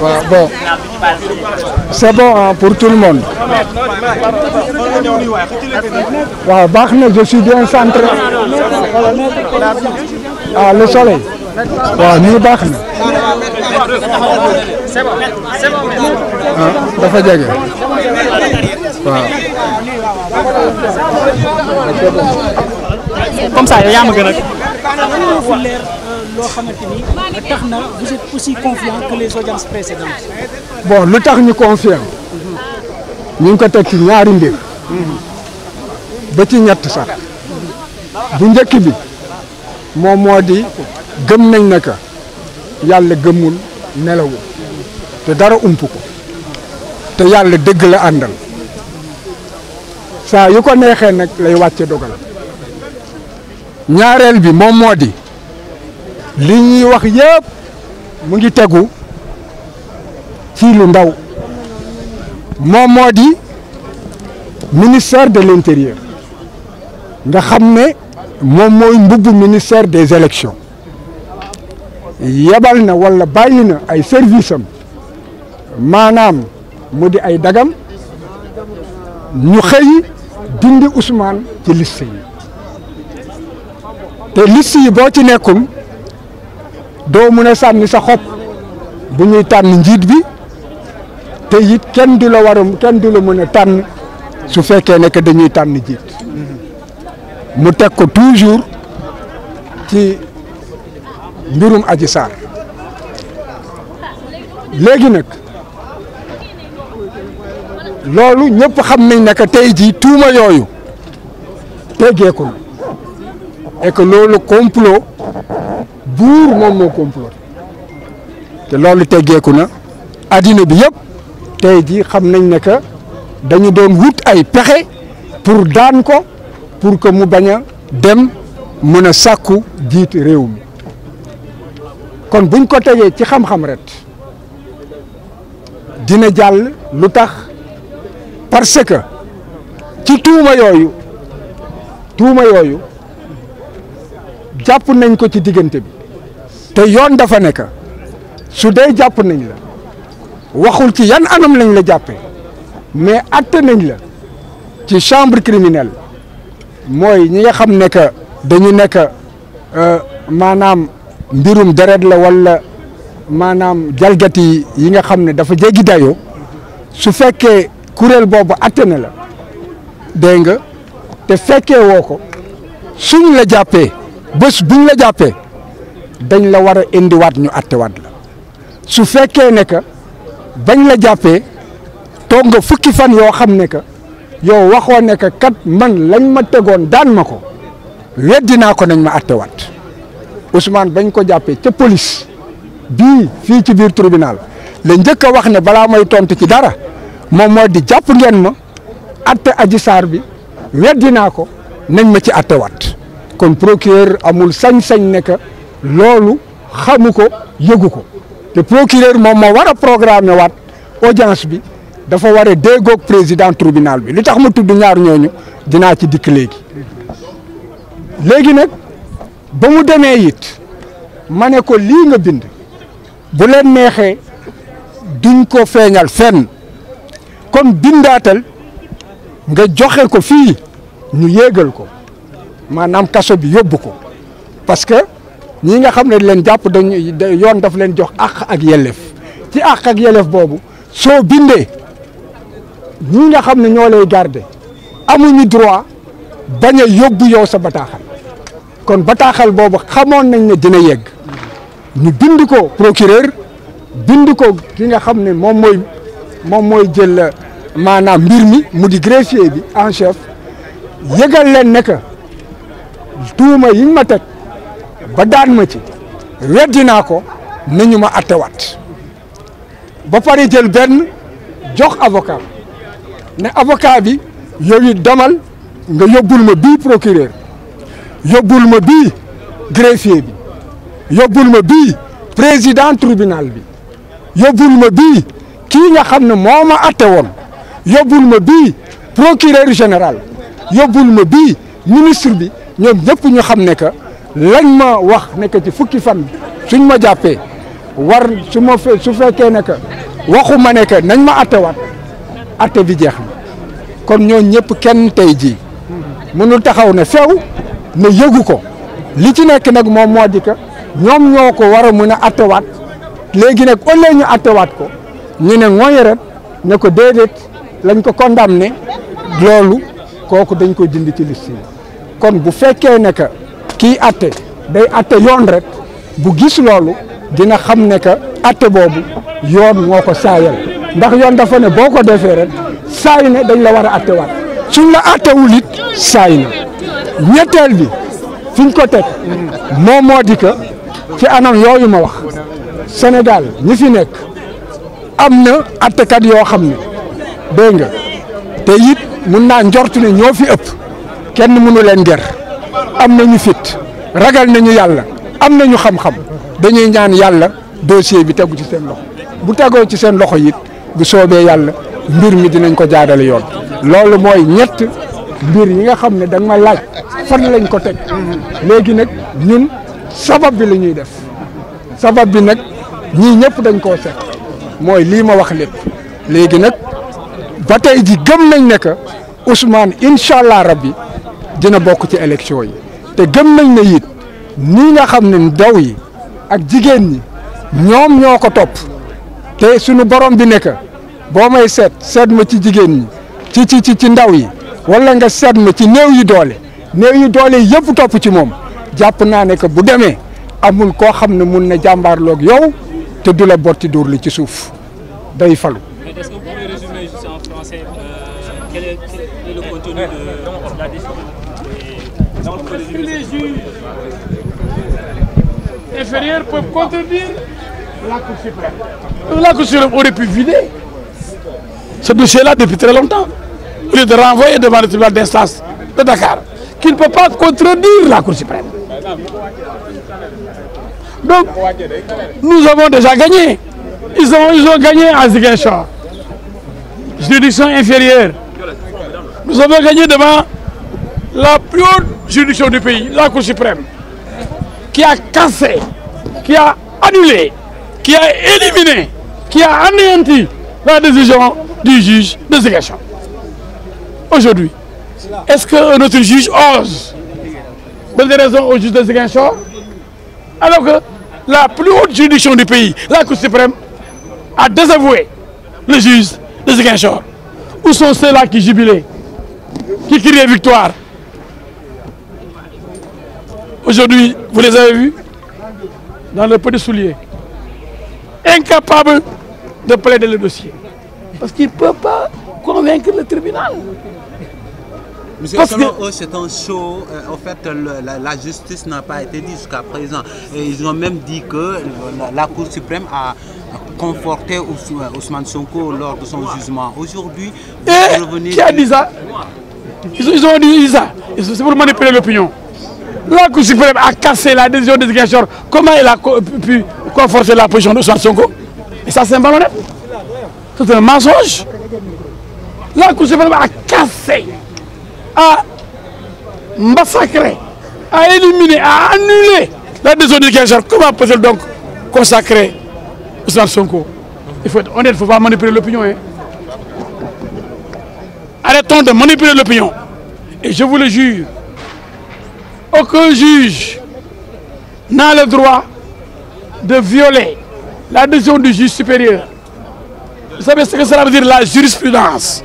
waaw bon c'est pour tout le monde waaw baax na je suis bien centré ah le soleil waaw nii baax na ah, loo na vous êtes aussi bon lu tax ñu confiant ñu ngi ko teg ci ñaari mbir. ba ci ñett sax bu njëkk bi moom moo di gëm nañ ne yàlla gëmul nelawul te dara ump ko te yàlla dëgg la àndal saa yu ko neexee nag lay wàcce dogal ñaareel bi moom moo di. li ñuy wax yëpp mu ngi tegu ci lu ndaw moom moo di ministère de l'intérieur nga xam ne moom mooy mbubbu ministère des élections yebal na walla bàyyi na ay servisam maanaam mu di ay dagam ñu xëy dindi Ousmane ci liste yi te liste yi boo ci nekkum doo mun a sànni sa xob bu ñuy tànn njiit bi te it kenn du la warum kenn du la mën a tànn su fekkee ne que dañuy tànn njiit mu teg ko toujours ci mbirum aji Sarr léegi nag loolu ñëpp xam nañ ne que tey jii tuuma yooyu teggeekul et que loolu complot buur moom moo complot te loolu teggeeku na àddina bi yëpp tey jii xam nañ ne que dañu doon wut ay pexe pour daan ko pour ko mu bañ a dem mën a sàkku jiit réew mi kon buñ ko tegee ci xam-xam ret dina jàll lu tax parce que ci tuuma yooyu tuuma yooyu jàpp nañ ko ci diggante bi te yoon dafa nekk su dee jàpp nañ la waxul ci yan anam lañ la jàppee mais atte nañ la ci chambre criminelle mooy ñi nga xam ne que dañu nekk euh, maanaam mbirum deret la walla maanaam jalgati yi nga xam ne dafa jéggi dayoo su fekkee kuréel boobu atte na la dégg nga te fekkee woo ko suñ la jàppee bés buñ la jàppee. dañ la war a indiwaat ñu attewaat la su fekkee ne que bañ la jàppee toog nga fukki fan yoo xam ne que yow waxoo ne que kat man lañ ma tegoon daan ma ko weddi naa ko nañ ma attewaat Ousmane bañ ko jàppee ca police bii fii ci biir tribunal la njëkk a wax ne balaa may tontu ci dara moom moo di jàpp ngeen ma atte aji saar bi weddi naa ko nañ ma ci attewaat kon procureur amul sañ-sañ ne que loolu xamu ko yëgu ko te procureur moom ma war a programmer waat audience bi dafa war a déggoog président tribunal bi li tax ma tudd ñaar ñooñu dinaa ci dikk léegi léegi nag ba mu demee it ma ne ko lii nga bind bu leen neexee duñ ko feeñal fenn kon bindaatal nga joxe ko fii ñu yéegal ko maanaam kaso bi yóbbu ko parce ñi nga xam ne leen jàpp dañuy yoon daf leen jox àq ak yelleef ci ak ak yelleef boobu soo bindee ñi nga xam ne ñoo lay garder amuñu droit bañ a yóbbu yow sa kon bataaxal boobu xamoon nañ ne dina yegg ñu bind ko procureur bind ko ki nga xam ne moom mooy moom mooy jël maanaam mbir mi mu di greffier bi en chef yëgal leen ne que tuuma yiñ ma teg. ba daan ma ci weddi naa ko nañu ma attewaat ba pare jël benn jox avocat ne avocat bi yow it demal nga yóbbul ma bii procureur yóbbul ma bii greffier bi yóbbul ma bii président tribunal bi yóbbul ma bii kii nga xam ne moo ma atte woon yóbbul ma bii procureur général yóbbul ma bii ministre bi ñoom yëpp ñu xam ne ka lañ ma wax nekk ci fukki fan suñ ma jàppee war su ma su fekkee ne que waxu ma ne nañ ma attewaat atte bi jeex na kon ñoo ñëpp kenn tey jii mënul taxaw ne feew ne yëgu ko li ci nekk nag moom moo di que ñoom ñoo ko war a mën a attewaat léegi nag au lieu ñu attewaat ko ñu ne mooy ne ko déedéet lañ ko condamné loolu kooku dañ koy dind ci liste kon bu fekkee ne kiy atte day atte yoon rek bu gis loolu dina xam ne que atte boobu yoon moo ko saayal ndax yoon dafa ne boo ko defee rek saay ne dañ la war a attewaat suñ la attewul it saay na ñetteel bi fiñ ko teg moom moo di que ci anam yooyu ma wax Sénégal ñi fi nekk am na attekat yoo xam ne dégg nga te it mun naa njort ne ñoo fi ëpp kenn mënu leen ger am nañu fit ragal nañu yàlla am nañu xam-xam dañuy ñaan yàlla dossier bi tegu ci seen loxo bu tegoo ci seen loxo yit bu soobee yàlla mbir mi dinañ ko jaadale yoon loolu mooy ñett mbir ñi nga xam ne da ma laaj fan lañ ko teg léegi nag ñun sabab bi la ñuy def sabab bi nag ñii ñëpp dañ koo set mooy lii ma wax lépp léegi nag ba tey ji gëm nañ ne que Ousmane incha allah rabbi dina bokk ci élection yi te gëm nañ ne it nii nga xam ne ndaw yi ak jigéen ñi ñoom ñoo ko topp te suñu borom bi nekk boo may seet seet ma ci jigéen ñi ci ci ci ci ndaw yi wala nga seet ma ci néew yi doole néew yu doole yëpp topp ci moom jàpp naa ne que bu demee amul koo xam ne mun na jàmbaarloog yow te du la botti duur li ci suuf day falu. Parce que les juges la Cour suprême. aurait pu vider ce dossier-là depuis très longtemps, au lieu de renvoyer devant le tribunal d'instance de Dakar, qui peut pas contredire la Cour suprême. Donc, nous avons déjà gagné. Ils ont, gagné à Ziguinchor, juridiction inférieure. Nous avons gagné devant la plus haute juridiction du pays, la Cour suprême, qui a cassé, qui a annulé, qui a éliminé, qui a anéanti la décision du juge de Zégachan. Aujourd'hui, est-ce que notre juge ose de raison au juge de Zégachan alors que la plus haute juridiction du pays, la Cour suprême, a désavoué le juge de Zégachan Où sont ceux-là qui jubilaient, qui criaient victoire Aujourd'hui, vous les avez vus dans le petit soulier, incapables de plaider le dossier. Parce qu'ils ne peuvent pas convaincre le tribunal. que... eux, oh, c'est euh, la, justice n'a pas été dite jusqu'à présent. ils ont même dit que la, Cour suprême a conforté euh, Ousmane Sonko lors de son jugement. Aujourd'hui, qui a dit ça ils, ont dit ça. C'est pour manipuler l'opinion. La Cour suprême a cassé la décision de Ziguinchor. Comment elle a pu conforter la position de Ousmane Sonko Et ça, c'est un ballonnet. C'est un mensonge. La Cour suprême a cassé, a massacré, a éliminé, a annulé la décision de Ziguinchor. Comment peut-elle donc consacrer Ousmane Sonko Il faut être honnête, il ne faut pas manipuler l'opinion. Hein. Arrêtons de manipuler l'opinion. Et je vous le jure, aucun juge n'a le droit de violer la décision du juge supérieur. Vous savez ce que cela veut dire, la jurisprudence